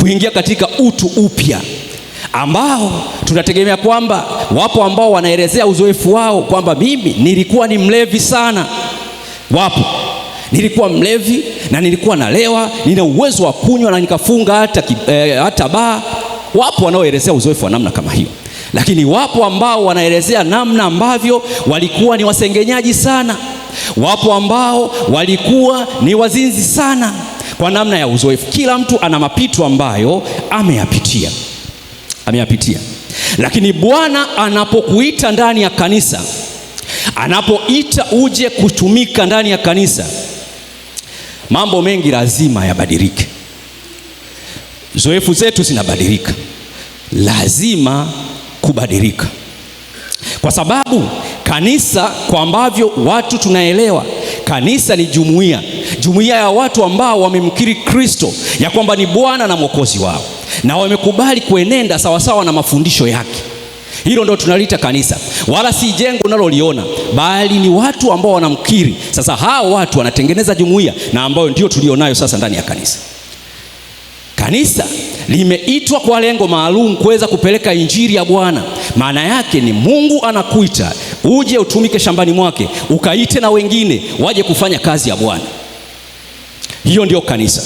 kuingia katika utu upya ambao tunategemea kwamba wapo ambao wanaelezea uzoefu wao kwamba mimi nilikuwa ni mlevi sana. Wapo, nilikuwa mlevi na nilikuwa nalewa, nina uwezo wa kunywa na nikafunga hata, eh, hata baa. Wapo wanaoelezea uzoefu wa namna kama hiyo, lakini wapo ambao wanaelezea namna ambavyo walikuwa ni wasengenyaji sana. Wapo ambao walikuwa ni wazinzi sana kwa namna ya uzoefu. Kila mtu ana mapito ambayo ameyapitia, ameyapitia. Lakini Bwana anapokuita ndani ya kanisa, anapoita uje kutumika ndani ya kanisa, mambo mengi lazima yabadilike. Zoefu zetu zinabadilika, lazima kubadilika, kwa sababu kanisa, kwa ambavyo watu tunaelewa kanisa ni jumuiya jumuiya ya watu ambao wamemkiri Kristo ya kwamba ni Bwana na Mwokozi wao na wamekubali kuenenda sawasawa na mafundisho yake. Hilo ndo tunalita kanisa, wala si jengo unaloliona, bali ni watu ambao wanamkiri. Sasa hao watu wanatengeneza jumuiya, na ambayo ndio tulionayo sasa ndani ya kanisa. Kanisa limeitwa kwa lengo maalum kuweza kupeleka injili ya Bwana. Maana yake ni Mungu anakuita uje utumike shambani mwake, ukaite na wengine waje kufanya kazi ya Bwana. Hiyo ndio kanisa.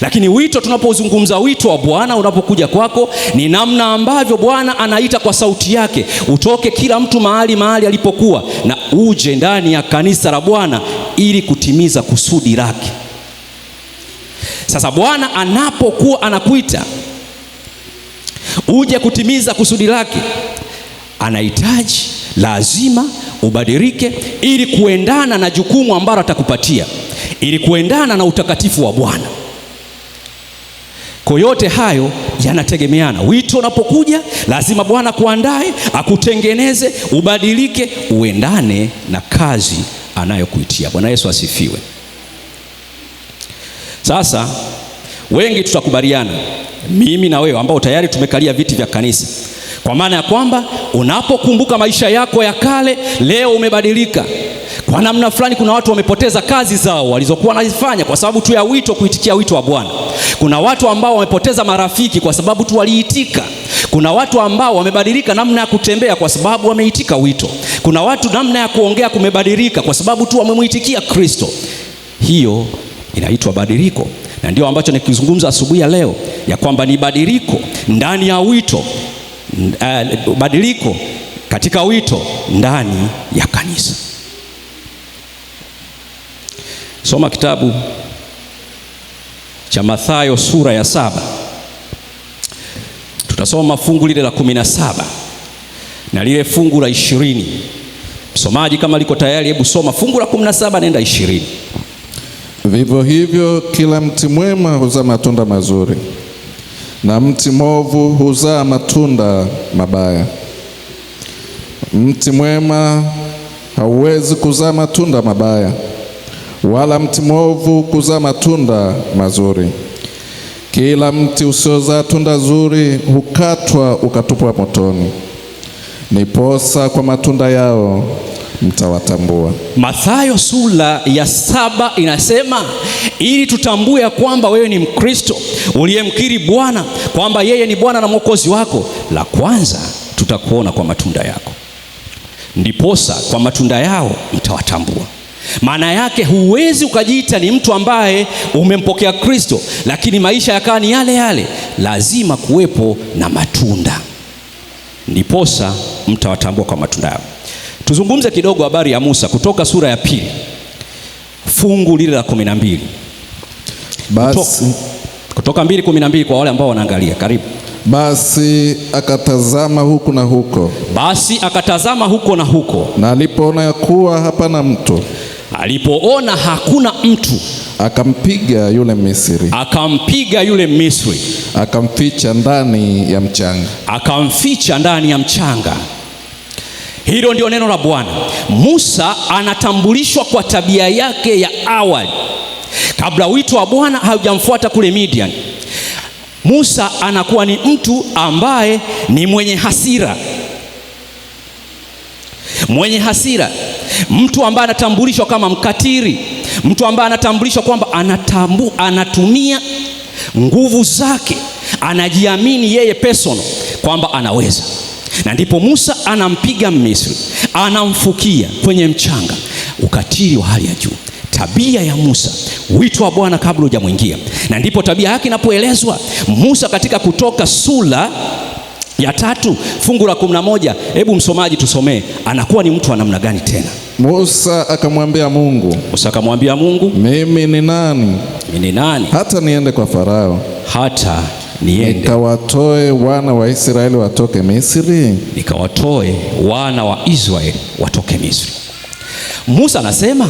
Lakini wito, tunapozungumza wito wa Bwana unapokuja kwako, ni namna ambavyo Bwana anaita kwa sauti yake, utoke kila mtu mahali mahali alipokuwa, na uje ndani ya kanisa la Bwana ili kutimiza kusudi lake. Sasa Bwana anapokuwa anakuita uje kutimiza kusudi lake, anahitaji lazima ubadilike ili kuendana na jukumu ambalo atakupatia ili kuendana na utakatifu wa Bwana. Kwa yote hayo yanategemeana. Wito unapokuja lazima Bwana kuandae, akutengeneze, ubadilike, uendane na kazi anayokuitia. Bwana Yesu asifiwe. Sasa wengi tutakubaliana, mimi na wewe ambao tayari tumekalia viti vya kanisa, kwa maana ya kwamba unapokumbuka maisha yako ya kale, leo umebadilika kwa namna fulani, kuna watu wamepoteza kazi zao walizokuwa wanazifanya kwa sababu tu ya wito, kuitikia wito wa Bwana. Kuna watu ambao wamepoteza marafiki kwa sababu tu waliitika. Kuna watu ambao wamebadilika namna ya kutembea kwa sababu wameitika wito. Kuna watu namna ya kuongea kumebadilika kwa sababu tu wamemwitikia Kristo. Hiyo inaitwa badiliko, na ndio ambacho nikizungumza asubuhi ya leo ya kwamba ni badiliko ndani ya wito, eh, badiliko katika wito ndani ya kanisa. Soma kitabu cha Mathayo sura ya saba, tutasoma fungu lile la kumi na saba na lile fungu la ishirini. Msomaji kama liko tayari, hebu soma fungu la kumi na saba nenda ishirini. Vivyo hivyo kila mti mwema huzaa matunda mazuri na mti mwovu huzaa matunda mabaya. Mti mwema hauwezi kuzaa matunda mabaya wala mti mwovu kuzaa matunda mazuri. Kila mti usiozaa tunda zuri hukatwa ukatupwa motoni. Niposa kwa matunda yao mtawatambua. Mathayo sura ya saba inasema ili tutambue ya kwamba wewe ni Mkristo uliyemkiri Bwana kwamba yeye ni Bwana na Mwokozi wako, la kwanza tutakuona kwa matunda yako. Ndiposa kwa matunda yao mtawatambua. Maana yake huwezi ukajiita ni mtu ambaye umempokea Kristo lakini maisha yakawa ni yale yale. Lazima kuwepo na matunda, ndiposa mtawatambua kwa matunda yao. Tuzungumze kidogo habari ya Musa, Kutoka sura ya pili fungu lile la kumi na mbili basi Kutoka mbili kumi na mbili kwa wale ambao wanaangalia, karibu. Basi akatazama huku na huko, basi akatazama huko na huko, na alipoona ya kuwa hapana mtu Alipoona hakuna mtu akampiga yule Misri, akampiga yule Misri, akamficha ndani ya mchanga, akamficha ndani ya mchanga. Hilo ndio neno la Bwana. Musa anatambulishwa kwa tabia yake ya awali kabla wito wa Bwana haujamfuata kule Midian. Musa anakuwa ni mtu ambaye ni mwenye hasira, mwenye hasira mtu ambaye anatambulishwa kama mkatiri, mtu ambaye anatambulishwa kwamba anatambu, anatumia nguvu zake, anajiamini yeye personal kwamba anaweza. Na ndipo Musa anampiga Misri, anamfukia kwenye mchanga. Ukatiri wa hali ya juu, tabia ya Musa, wito wa Bwana kabla hujamwingia. Na ndipo tabia yake inapoelezwa Musa katika Kutoka sura ya tatu fungu la kumi na moja. Hebu msomaji tusomee, anakuwa ni mtu wa namna gani tena? Musa akamwambia Mungu, Musa akamwambia Mungu, mimi ni nani? Mimi ni nani hata niende kwa Farao, hata niende nikawatoe wana wa Israeli watoke Misri, nikawatoe wana wa Israeli watoke Misri. Musa anasema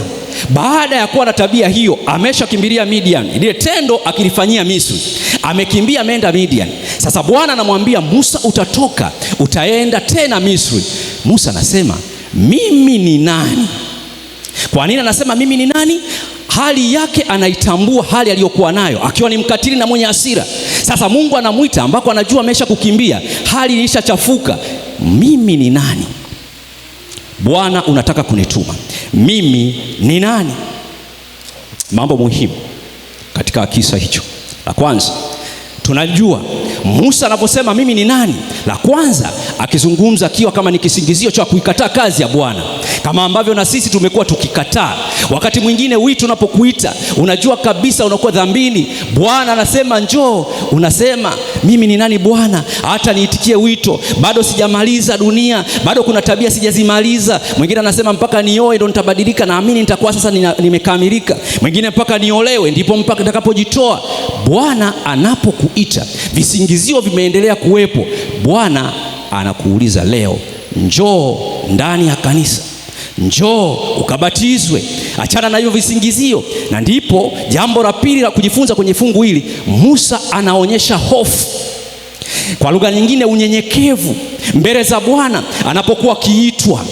baada ya kuwa na tabia hiyo, ameshakimbilia Midian, ile tendo akilifanyia Misri, amekimbia ameenda Midian sasa Bwana anamwambia Musa, utatoka utaenda tena Misri. Musa anasema mimi ni nani? Kwa nini anasema mimi ni nani? Hali yake anaitambua hali aliyokuwa nayo, akiwa ni mkatili na mwenye hasira. Sasa Mungu anamwita ambako anajua amesha kukimbia, hali ilishachafuka. Mimi ni nani? Bwana unataka kunituma, mimi ni nani? Mambo muhimu katika kisa hicho, la kwanza tunajua Musa anaposema mimi ni nani, la kwanza akizungumza akiwa kama ni kisingizio cha kuikataa kazi ya Bwana, kama ambavyo na sisi tumekuwa tukikataa. Wakati mwingine wito unapokuita unajua kabisa unakuwa dhambini, Bwana anasema njoo, unasema mimi ni nani Bwana hata niitikie wito? Bado sijamaliza dunia, bado kuna tabia sijazimaliza. Mwingine anasema mpaka nioe ndo nitabadilika, naamini nitakuwa sasa nimekamilika. Mwingine mpaka niolewe ndipo mpaka nitakapojitoa. Bwana anapokuita, visingizio vimeendelea kuwepo. Bwana anakuuliza leo, njoo ndani ya kanisa njoo ukabatizwe, achana na hivyo visingizio. Na ndipo jambo la pili la kujifunza kwenye fungu hili, Musa anaonyesha hofu, kwa lugha nyingine unyenyekevu mbele za Bwana anapokuwa akiitwa.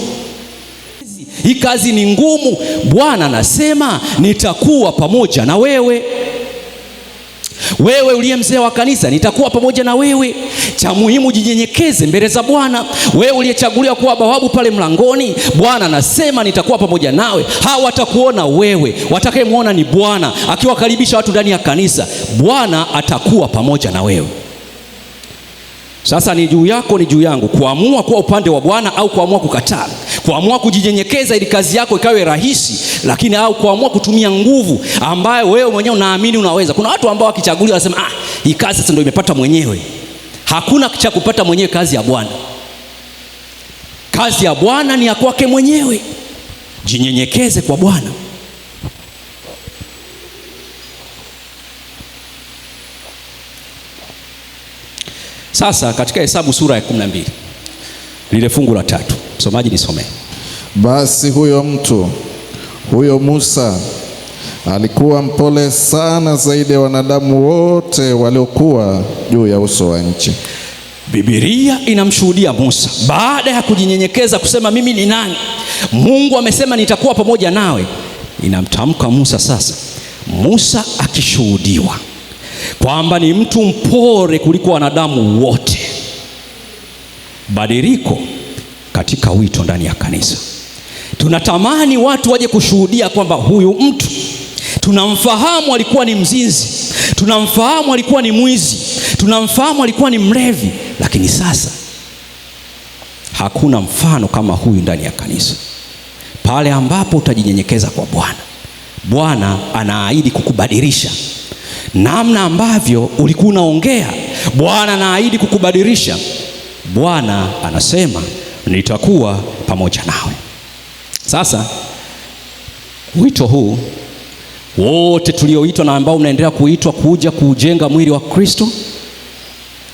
Hii kazi ni ngumu. Bwana anasema nitakuwa pamoja na wewe wewe uliye mzee wa kanisa, nitakuwa pamoja na wewe. Cha muhimu jinyenyekeze mbele za Bwana. Wewe uliyechaguliwa kuwa bawabu pale mlangoni, Bwana anasema nitakuwa pamoja nawe. Hawa watakuona wewe, watakayemwona ni Bwana akiwakaribisha watu ndani ya kanisa. Bwana atakuwa pamoja na wewe. Sasa ni juu yako, ni juu yangu kuamua kuwa upande wa Bwana au kuamua kukataa kuamua kujinyenyekeza ili kazi yako ikawe rahisi, lakini au kuamua kutumia nguvu ambayo wewe mwenyewe unaamini unaweza. Kuna watu ambao wakichaguliwa wanasema ah, hii kazi sasa ndio imepata mwenyewe. Hakuna cha kupata mwenyewe kazi ya Bwana. Kazi ya Bwana ni ya kwake mwenyewe. Jinyenyekeze kwa Bwana. Sasa katika Hesabu sura ya 12 lile fungu la tatu Msomaji nisomee. Basi huyo mtu huyo Musa alikuwa mpole sana zaidi ya wanadamu wote waliokuwa juu ya uso wa nchi. Biblia inamshuhudia Musa baada ya kujinyenyekeza kusema mimi ni nani, Mungu amesema nitakuwa pamoja nawe. Inamtamka Musa sasa, Musa akishuhudiwa kwamba ni mtu mpore kuliko wanadamu wote. Badiliko katika wito ndani ya kanisa. Tunatamani watu waje kushuhudia kwamba huyu mtu tunamfahamu alikuwa ni mzinzi, tunamfahamu alikuwa ni mwizi, tunamfahamu alikuwa ni mlevi, lakini sasa hakuna mfano kama huyu ndani ya kanisa. Pale ambapo utajinyenyekeza kwa Bwana, Bwana anaahidi kukubadilisha namna ambavyo ulikuwa unaongea. Bwana anaahidi kukubadilisha. Bwana anasema nitakuwa pamoja nawe. Sasa wito huu wote tulioitwa na ambao mnaendelea kuitwa kuja kuujenga mwili wa Kristo,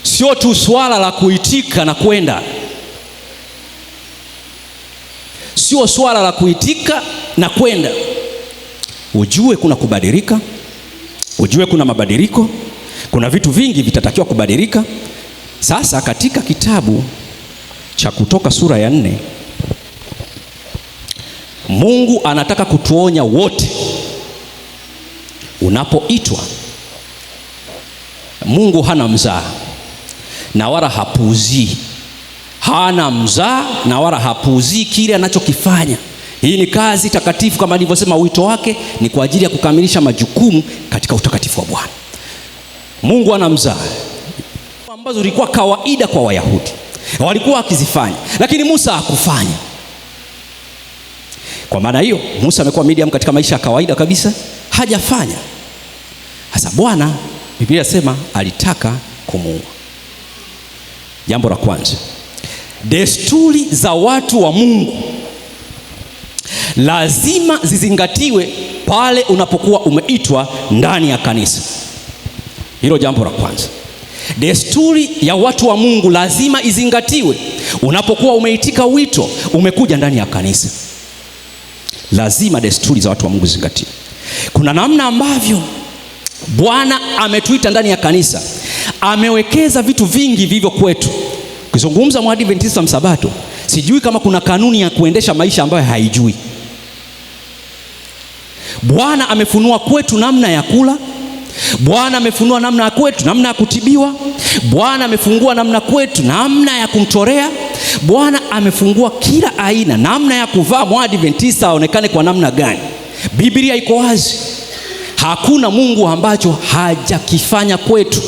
sio tu swala la kuitika na kwenda, sio swala la kuitika na kwenda. Ujue kuna kubadilika, ujue kuna mabadiliko, kuna vitu vingi vitatakiwa kubadilika. Sasa katika kitabu cha Kutoka sura ya nne, Mungu anataka kutuonya wote. Unapoitwa, Mungu hana mzaa na wala hapuuzii, hana mzaa na wala hapuuzii kile anachokifanya. Hii ni kazi takatifu, kama alivyosema, wito wake ni kwa ajili ya kukamilisha majukumu katika utakatifu wa Bwana. Mungu hana mzaa ambazo ilikuwa kawaida kwa Wayahudi walikuwa wakizifanya, lakini Musa hakufanya. Kwa maana hiyo Musa amekuwa medium katika maisha ya kawaida kabisa, hajafanya. Sasa Bwana, Biblia sema alitaka kumuua. Jambo la kwanza, desturi za watu wa Mungu lazima zizingatiwe pale unapokuwa umeitwa ndani ya kanisa. Hilo jambo la kwanza. Desturi ya watu wa Mungu lazima izingatiwe. Unapokuwa umeitika wito, umekuja ndani ya kanisa, lazima desturi za watu wa Mungu zingatiwe. Kuna namna ambavyo Bwana ametuita ndani ya kanisa, amewekeza vitu vingi vivyo kwetu. Ukizungumza mwadventista msabato, sijui kama kuna kanuni ya kuendesha maisha ambayo haijui. Bwana amefunua kwetu namna ya kula Bwana amefunua namna kwetu, namna ya kutibiwa. Bwana amefungua namna kwetu, namna ya kumtorea. Bwana amefungua kila aina, namna ya kuvaa mwadventista aonekane kwa namna gani. Biblia iko wazi, hakuna Mungu ambacho hajakifanya kwetu.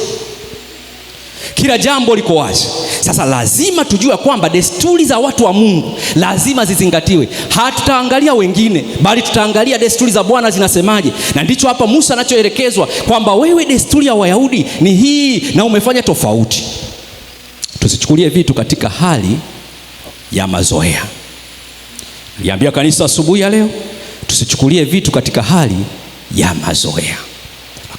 Kila jambo liko wazi. Sasa lazima tujue kwamba desturi za watu wa Mungu lazima zizingatiwe. Hatutaangalia wengine, bali tutaangalia desturi za Bwana zinasemaje, na ndicho hapa Musa anachoelekezwa kwamba wewe, desturi ya Wayahudi ni hii na umefanya tofauti. Tusichukulie vitu katika hali ya mazoea. Niambia kanisa asubuhi ya leo, tusichukulie vitu katika hali ya mazoea.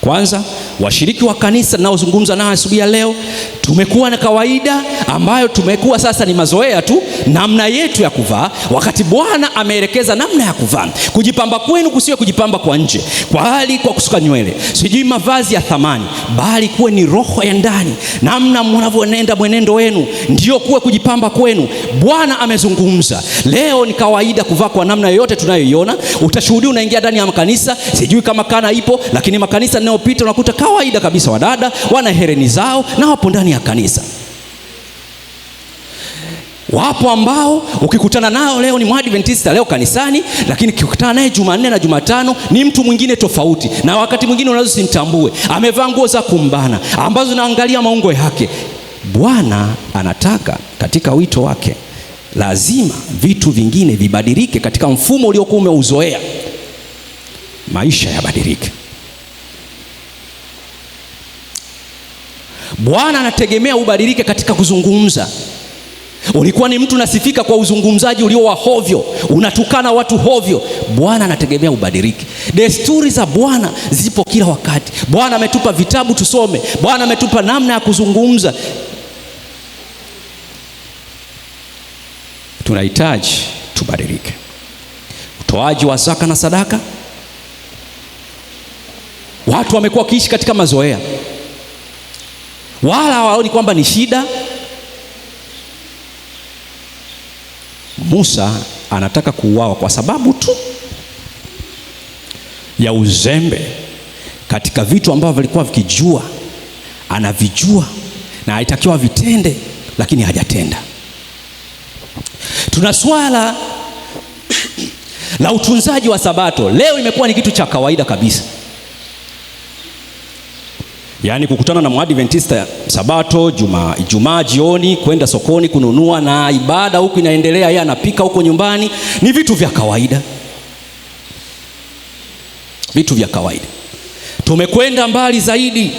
Kwanza, washiriki wa kanisa ninaozungumza nao asubuhi ya leo, tumekuwa na kawaida ambayo tumekuwa sasa ni mazoea tu, namna yetu ya kuvaa, wakati Bwana ameelekeza namna ya kuvaa. Kujipamba kwenu kusiwe kujipamba kwa nje, kwa hali, kwa kusuka nywele, sijui mavazi ya thamani, bali kuwe ni roho ya ndani, namna mnavyonenda mwenendo wenu, ndio kuwe kujipamba kwenu. Bwana amezungumza leo. Ni kawaida kuvaa kwa namna yoyote tunayoiona. Utashuhudia unaingia ndani ya makanisa, sijui kama kana ipo, lakini makanisa yanayopita unakuta kawaida kabisa, wadada wana hereni zao na wapo ndani ya kanisa. Wapo ambao ukikutana nao leo ni mwadventista leo kanisani, lakini ukikutana naye Jumanne na Jumatano ni mtu mwingine tofauti, na wakati mwingine unaweza usimtambue. Amevaa nguo za kumbana ambazo naangalia maungo yake. Bwana anataka katika wito wake lazima vitu vingine vibadilike katika mfumo uliokuwa umeuzoea, maisha yabadilike. Bwana anategemea ubadilike katika kuzungumza. Ulikuwa ni mtu unasifika kwa uzungumzaji ulio wa hovyo, unatukana watu hovyo. Bwana anategemea ubadilike. Desturi za Bwana zipo kila wakati. Bwana ametupa vitabu tusome, Bwana ametupa namna ya kuzungumza. Tunahitaji tubadilike. Utoaji wa zaka na sadaka, watu wamekuwa wakiishi katika mazoea wala hawaoni kwamba ni shida. Musa anataka kuuawa kwa sababu tu ya uzembe katika vitu ambavyo alikuwa vikijua anavijua na alitakiwa vitende, lakini hajatenda. Tuna swala la utunzaji wa Sabato. Leo imekuwa ni kitu cha kawaida kabisa yaani kukutana na Mwadventista Sabato Jumaa juma, jioni kwenda sokoni kununua na ibada huku inaendelea, yeye anapika huko nyumbani, ni vitu vya kawaida, vitu vya kawaida. Tumekwenda mbali zaidi,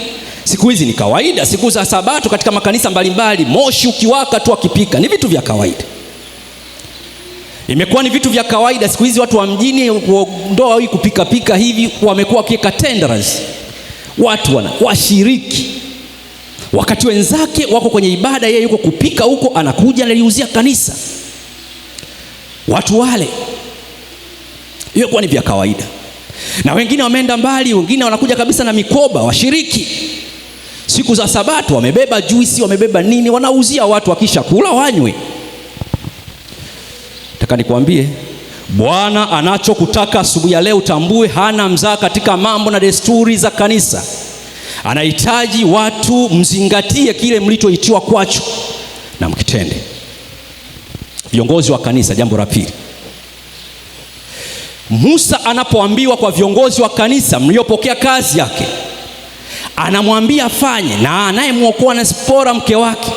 siku hizi ni kawaida, siku za Sabato katika makanisa mbalimbali, moshi ukiwaka tu akipika, ni vitu vya kawaida imekuwa ni vitu vya kawaida siku hizi. Watu wa mjini kuondoa hii kupikapika hivi wamekuwa wakiweka tenderers watu wana washiriki, wakati wenzake wako kwenye ibada, yeye yuko kupika huko, anakuja analiuzia kanisa. Watu wale kwa ni vya kawaida, na wengine wameenda mbali, wengine wanakuja kabisa na mikoba, washiriki siku za Sabato wamebeba juisi, wamebeba nini, wanauzia watu, wakisha kula wanywe. Nataka nikwambie Bwana anachokutaka asubuhi ya leo utambue, hana mzaa katika mambo na desturi za kanisa. Anahitaji watu mzingatie kile mlichoitiwa kwacho na mkitende. Viongozi wa kanisa, jambo la pili. Musa anapoambiwa kwa viongozi wa kanisa mliopokea kazi yake, anamwambia afanye, na anayemwokoa na Sipora mke wake,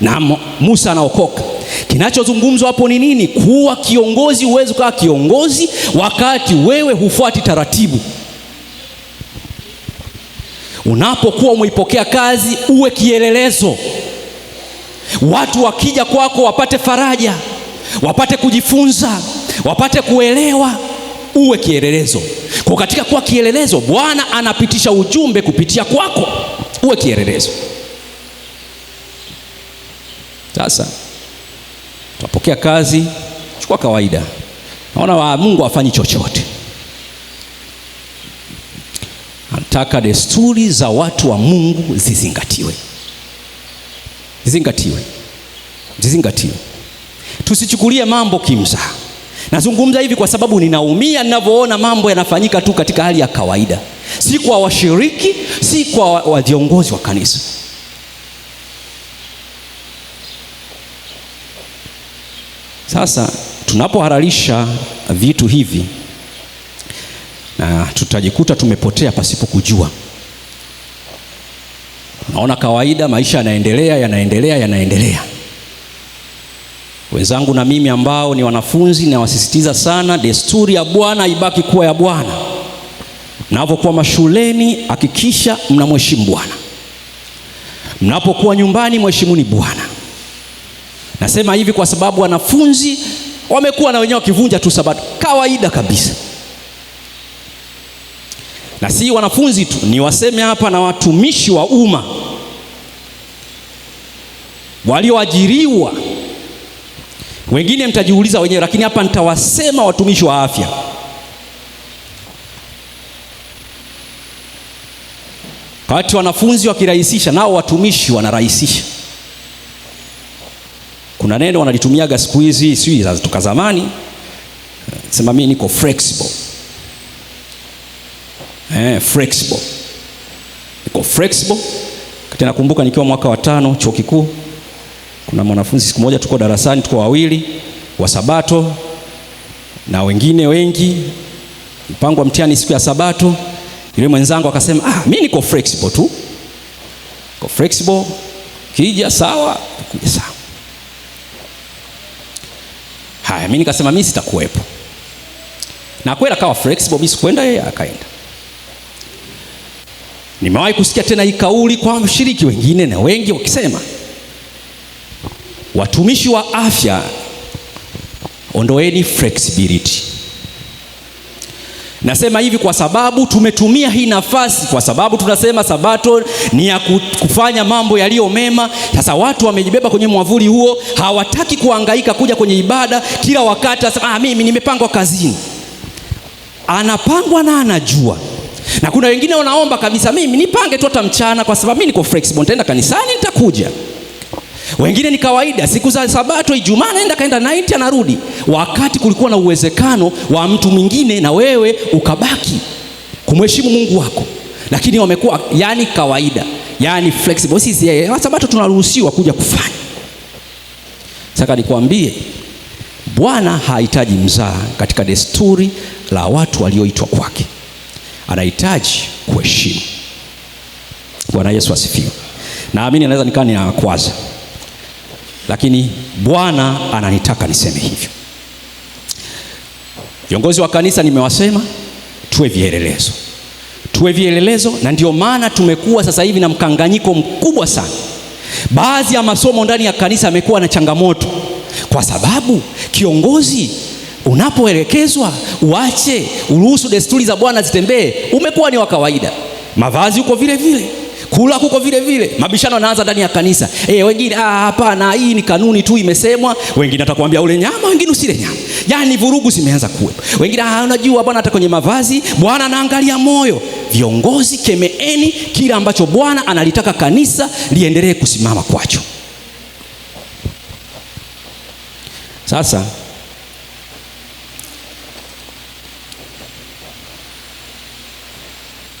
na Musa anaokoka Kinachozungumzwa hapo ni nini? Kuwa kiongozi, huwezi ukawa kiongozi wakati wewe hufuati taratibu. Unapokuwa umeipokea kazi, uwe kielelezo, watu wakija kwako wapate faraja, wapate kujifunza, wapate kuelewa, uwe kielelezo. Kwa katika kuwa kielelezo, Bwana anapitisha ujumbe kupitia kwako, uwe kielelezo sasa Tunapokea kazi, chukua kawaida. Naona wa Mungu afanyi chochote, anataka desturi za watu wa Mungu zizingatiwe, zizingatiwe, zizingatiwe. Tusichukulie mambo kimza Nazungumza hivi kwa sababu ninaumia ninavyoona mambo yanafanyika tu katika hali ya kawaida, si kwa washiriki, si kwa viongozi wa kanisa. Sasa tunapohalalisha vitu hivi na tutajikuta tumepotea pasipo kujua. Naona kawaida, maisha yanaendelea yanaendelea yanaendelea. Wenzangu na mimi ambao ni wanafunzi, nawasisitiza sana, desturi ya Bwana ibaki kuwa ya Bwana. Mnapokuwa mashuleni, hakikisha mnamheshimu Bwana. Mnapokuwa nyumbani, mheshimuni Bwana. Nasema hivi kwa sababu wanafunzi wamekuwa na wenyewe wakivunja tu Sabato, kawaida kabisa. Na si wanafunzi tu, ni waseme hapa na watumishi wa umma walioajiriwa. Wengine mtajiuliza wenyewe, lakini hapa nitawasema watumishi wa afya. Wakati wanafunzi wakirahisisha, nao watumishi wanarahisisha. Kuna neno wanalitumiaga siku hizi, si toka zamani, sema mimi niko flexible. Eh, flexible. Niko flexible. Kati nakumbuka nikiwa mwaka wa tano chuo kikuu, kuna mwanafunzi siku moja, tuko darasani, tuko wawili wa Sabato na wengine wengi, mpango wa mtihani siku ya Sabato. Yule mwenzangu akasema, ah, mimi niko flexible tu, niko flexible, kija sawa, kija sawa haya. Mimi nikasema mimi sitakuwepo, na kweli akawa flexible, mimi sikwenda, yeye akaenda. Nimewahi kusikia tena hii kauli kwa washiriki wengine na wengi wakisema, watumishi wa afya ondoeni flexibility Nasema hivi kwa sababu tumetumia hii nafasi, kwa sababu tunasema sabato ni ya kufanya mambo yaliyo mema. Sasa watu wamejibeba kwenye mwavuli huo, hawataki kuhangaika kuja kwenye ibada kila wakati. Ah, mimi nimepangwa kazini, anapangwa na anajua na kuna wengine wanaomba kabisa, mimi nipange tu hata mchana, kwa sababu mimi niko flexible, nitaenda kanisani, nitakuja wengine ni kawaida, siku za Sabato, Ijumaa naenda kaenda night, anarudi, wakati kulikuwa na uwezekano wa mtu mwingine na wewe ukabaki kumheshimu Mungu wako, lakini wamekuwa yani kawaida, yani flexible. Sisi yeye eh, Sabato tunaruhusiwa kuja kufanya. Sasa nikwambie, Bwana hahitaji mzaa katika desturi la watu walioitwa kwake, anahitaji kuheshimu. Bwana Yesu asifiwe. Naamini anaweza nikaa ninakwaza lakini Bwana ananitaka niseme hivyo. Viongozi wa kanisa nimewasema, tuwe vielelezo, tuwe vielelezo, na ndio maana tumekuwa sasa hivi na mkanganyiko mkubwa sana. Baadhi ya masomo ndani ya kanisa yamekuwa na changamoto, kwa sababu kiongozi unapoelekezwa uache, uruhusu desturi za Bwana zitembee, umekuwa ni wa kawaida. Mavazi uko vile vile Kula kuko vile vile, mabishano yanaanza ndani ya kanisa. E, wengine ah, hapana, hii ni kanuni tu imesemwa. Wengine atakwambia ule nyama, wengine usile nyama. Yaani vurugu zimeanza kuwepo. Wengine ah, unajua bwana, hata kwenye mavazi Bwana anaangalia moyo. Viongozi, kemeeni kila ambacho Bwana analitaka kanisa liendelee kusimama kwacho. Sasa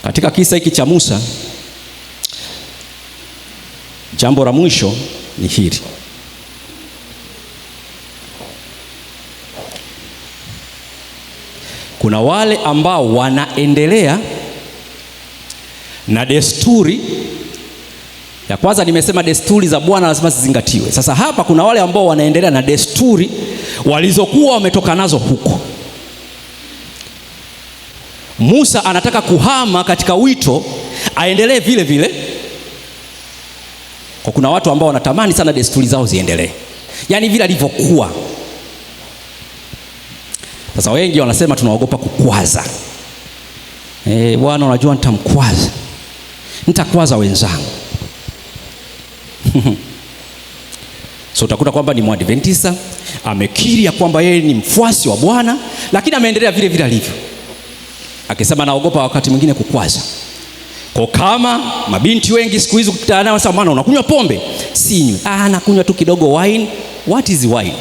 katika kisa hiki cha Musa Jambo la mwisho ni hili. Kuna wale ambao wanaendelea na desturi ya kwanza. Nimesema desturi za Bwana lazima zizingatiwe. Sasa hapa kuna wale ambao wanaendelea na desturi walizokuwa wametoka nazo huko. Musa anataka kuhama katika wito, aendelee vile vile kwa kuna watu ambao wanatamani sana desturi zao ziendelee, yaani vile alivyokuwa. Sasa wengi wanasema tunaogopa kukwaza. Eh, bwana, unajua nitamkwaza, nitakwaza wenzangu So utakuta kwamba ni Mwadventista amekiri ya kwamba yeye ni mfuasi wa Bwana, lakini ameendelea vile vile alivyo, akisema naogopa wakati mwingine kukwaza. Kwa kama mabinti wengi siku hizi ukikutana nao sasa, maana unakunywa pombe? Sinywi. Ah, nakunywa tu kidogo wine. What is wine?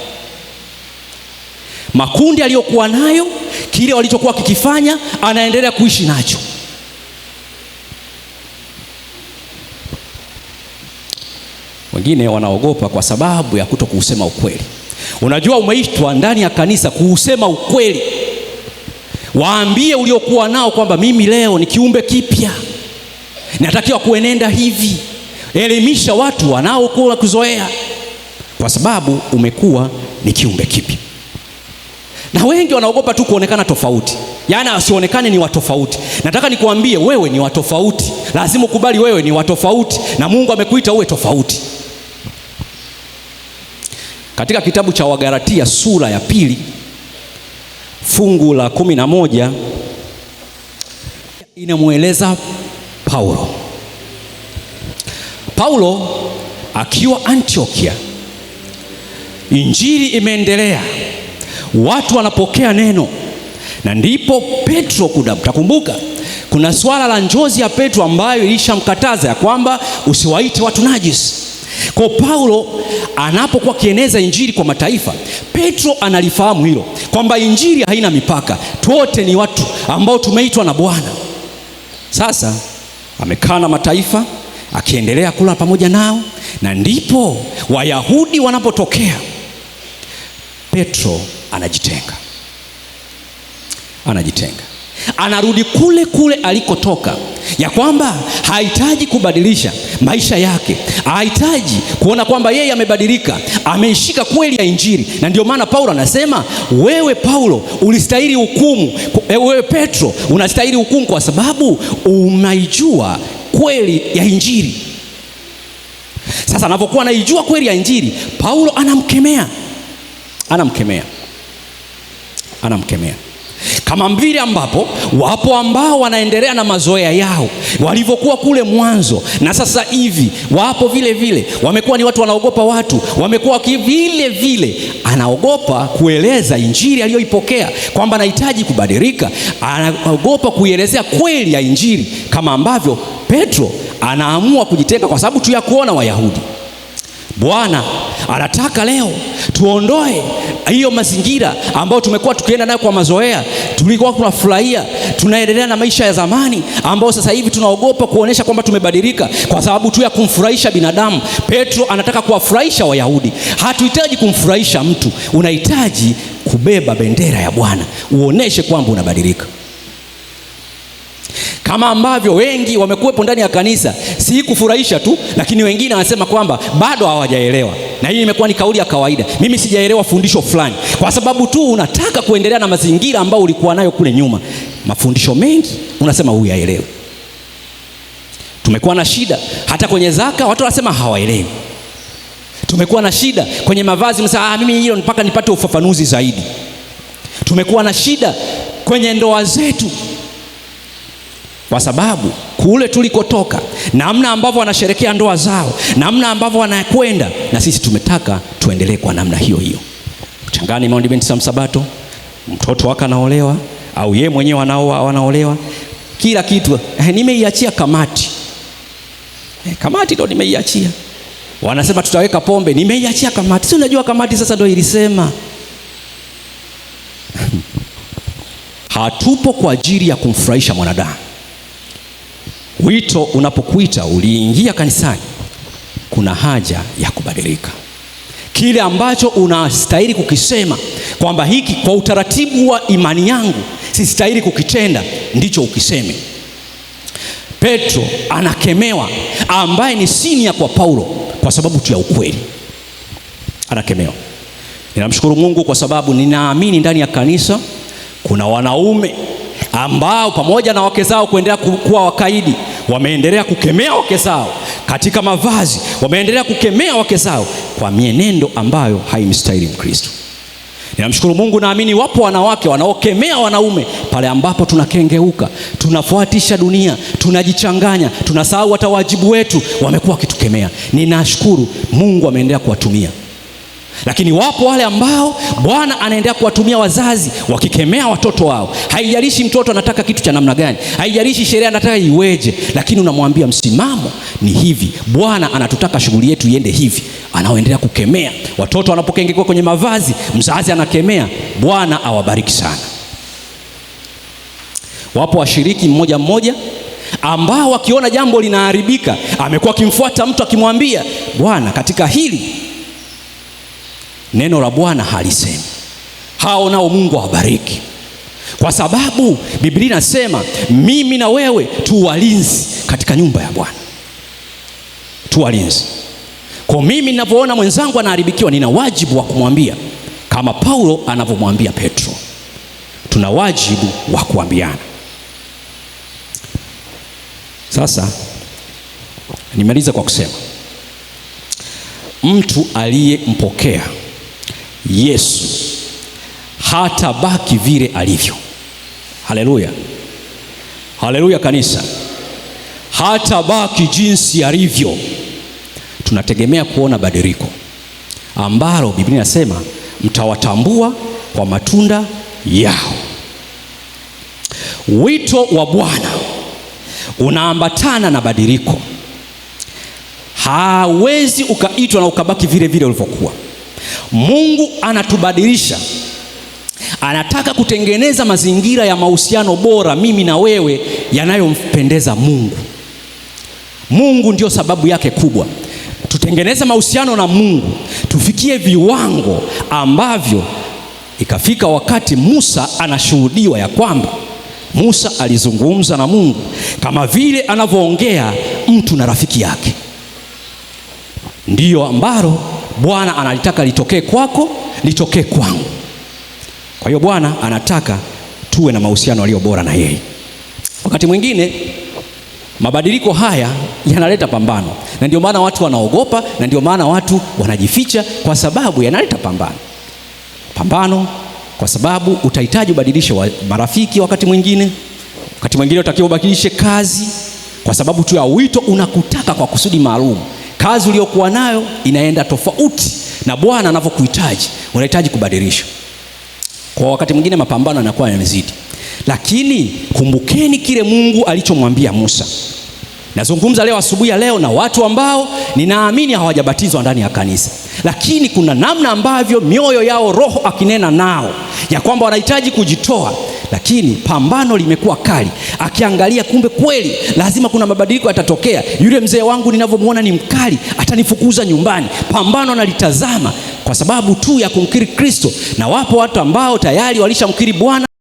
Makundi aliyokuwa nayo, kile walichokuwa kikifanya, anaendelea kuishi nacho. Wengine wanaogopa kwa sababu ya kuto kuusema ukweli. Unajua, umeitwa ndani ya kanisa kuusema ukweli, waambie uliokuwa nao kwamba mimi leo ni kiumbe kipya Natakiwa kuenenda hivi, elimisha watu wanaokuwa kuzoea, kwa sababu umekuwa ni kiumbe kipya. Na wengi wanaogopa tu kuonekana tofauti, yaani wasionekane ni watofauti. Nataka nikuambie wewe ni watofauti, lazima ukubali wewe ni watofauti, na Mungu amekuita uwe tofauti. Katika kitabu cha Wagalatia sura ya pili fungu la kumi na moja inamweleza Paulo. Paulo akiwa Antiokia, injili imeendelea, watu wanapokea neno, na ndipo Petro kuda, mtakumbuka kuna swala la njozi ya Petro ambayo ilishamkataza ya kwamba usiwaite watu najisi. Kwa Paulo anapokuwa akieneza injili kwa mataifa, Petro analifahamu hilo kwamba injili haina mipaka, tuote ni watu ambao tumeitwa na Bwana. Sasa amekaa na mataifa akiendelea kula pamoja nao, na ndipo Wayahudi wanapotokea, Petro anajitenga, anajitenga, anarudi kule kule alikotoka ya kwamba hahitaji kubadilisha maisha yake, hahitaji kuona kwamba yeye amebadilika, ameishika kweli ya Injili. Na ndio maana Paulo anasema wewe Paulo ulistahili hukumu, eh, wewe Petro unastahili hukumu, kwa sababu unaijua kweli ya Injili. Sasa anapokuwa anaijua kweli ya Injili, Paulo anamkemea, anamkemea, anamkemea kama vile ambapo wapo ambao wanaendelea na mazoea yao walivyokuwa kule mwanzo, na sasa hivi wapo vile vile, wamekuwa ni watu wanaogopa watu, wamekuwa vile vile, anaogopa kueleza injili aliyoipokea kwamba anahitaji kubadilika, anaogopa kuielezea kweli ya injili, kama ambavyo Petro anaamua kujitenga kwa sababu tu ya kuona Wayahudi. Bwana Anataka leo tuondoe hiyo mazingira ambayo tumekuwa tukienda nayo kwa mazoea, tulikuwa tunafurahia, tunaendelea na maisha ya zamani ambayo sasa hivi tunaogopa kuonyesha kwamba tumebadilika kwa sababu tu ya kumfurahisha binadamu. Petro anataka kuwafurahisha Wayahudi. Hatuhitaji kumfurahisha mtu, unahitaji kubeba bendera ya Bwana uoneshe kwamba unabadilika kama ambavyo wengi wamekuwepo ndani ya kanisa, si kufurahisha tu, lakini wengine wanasema kwamba bado hawajaelewa na hiyo imekuwa ni kauli ya kawaida. Mimi sijaelewa fundisho fulani, kwa sababu tu unataka kuendelea na mazingira ambayo ulikuwa nayo kule nyuma. Mafundisho mengi unasema haelewi. Tumekuwa na shida hata kwenye zaka, watu wanasema hawaelewi. Tumekuwa na shida kwenye mavazi, msema ah, mimi hilo mpaka nipate ufafanuzi zaidi. Tumekuwa na shida kwenye ndoa zetu kwa sababu kule tulikotoka, namna ambavyo wanasherekea ndoa zao, namna ambavyo wanakwenda, na sisi tumetaka tuendelee kwa namna hiyo hiyo. Changani binti Baptist msabato, mtoto wake anaolewa au ye mwenyewe wanaolewa, kila kitu eh, nimeiachia kamati eh, kamati ndo nimeiachia. Wanasema tutaweka pombe, nimeiachia kamati. Si unajua kamati sasa ndo ilisema hatupo kwa ajili ya kumfurahisha mwanadamu. Wito unapokuita uliingia kanisani, kuna haja ya kubadilika. Kile ambacho unastahili kukisema kwamba hiki kwa utaratibu wa imani yangu sistahili kukitenda, ndicho ukiseme. Petro anakemewa, ambaye ni sinia kwa Paulo kwa sababu tu ya ukweli, anakemewa. Ninamshukuru Mungu kwa sababu ninaamini ndani ya kanisa kuna wanaume ambao pamoja na wake zao kuendelea kuwa wakaidi wameendelea kukemea wake zao katika mavazi, wameendelea kukemea wake zao kwa mienendo ambayo haimstahili Mkristo. Ninamshukuru Mungu, naamini wapo wanawake wanaokemea wanaume pale ambapo tunakengeuka, tunafuatisha dunia, tunajichanganya, tunasahau hata wajibu wetu, wamekuwa wakitukemea. Ninashukuru Mungu ameendelea kuwatumia lakini wapo wale ambao Bwana anaendelea kuwatumia wazazi wakikemea watoto wao. Haijalishi mtoto anataka kitu cha namna gani, haijalishi sheria anataka iweje, lakini unamwambia msimamo ni hivi, Bwana anatutaka shughuli yetu iende hivi. Anaoendelea kukemea watoto wanapokengekwa kwenye mavazi, mzazi anakemea. Bwana awabariki sana. Wapo washiriki mmoja mmoja ambao wakiona jambo linaharibika, amekuwa akimfuata mtu akimwambia, bwana, katika hili Neno la Bwana halisemi. Hao nao Mungu awabariki, kwa sababu Biblia inasema mimi na wewe tu walinzi katika nyumba ya Bwana, tu walinzi. Kwa mimi ninavyoona mwenzangu anaharibikiwa, nina wajibu wa kumwambia, kama Paulo anavyomwambia Petro, tuna wajibu wa kuambiana. Sasa nimaliza kwa kusema mtu aliyempokea Yesu hatabaki vile alivyo. Haleluya, haleluya kanisa, hatabaki jinsi alivyo. Tunategemea kuona badiliko ambalo Biblia inasema mtawatambua kwa matunda yao. Wito wa Bwana unaambatana na badiliko. Hawezi ukaitwa na ukabaki vile vile ulivyokuwa. Mungu anatubadilisha, anataka kutengeneza mazingira ya mahusiano bora, mimi na wewe, yanayompendeza Mungu. Mungu ndiyo sababu yake kubwa. Tutengeneze mahusiano na Mungu, tufikie viwango ambavyo ikafika wakati Musa anashuhudiwa ya kwamba Musa alizungumza na Mungu kama vile anavyoongea mtu na rafiki yake. Ndiyo ambalo Bwana analitaka litokee kwako, litokee kwangu. Kwa hiyo Bwana anataka tuwe na mahusiano yaliyo bora na yeye. Wakati mwingine mabadiliko haya yanaleta pambano, na ndio maana watu wanaogopa, na ndio maana watu wanajificha, kwa sababu yanaleta pambano. Pambano kwa sababu utahitaji ubadilishe wa marafiki, wakati mwingine, wakati mwingine utakiwa ubadilishe kazi, kwa sababu tu ya wito unakutaka kwa kusudi maalum kazi uliyokuwa nayo inaenda tofauti na Bwana anavyokuhitaji, unahitaji kubadilisha. Kwa wakati mwingine mapambano yanakuwa yanazidi, lakini kumbukeni kile Mungu alichomwambia Musa. Nazungumza leo asubuhi ya leo na watu ambao ninaamini hawajabatizwa ndani ya kanisa, lakini kuna namna ambavyo mioyo yao Roho akinena nao ya kwamba wanahitaji kujitoa lakini pambano limekuwa kali, akiangalia kumbe kweli lazima kuna mabadiliko yatatokea. Yule mzee wangu ninavyomwona ni mkali, atanifukuza nyumbani. Pambano analitazama kwa sababu tu ya kumkiri Kristo, na wapo watu ambao tayari walishamkiri Bwana.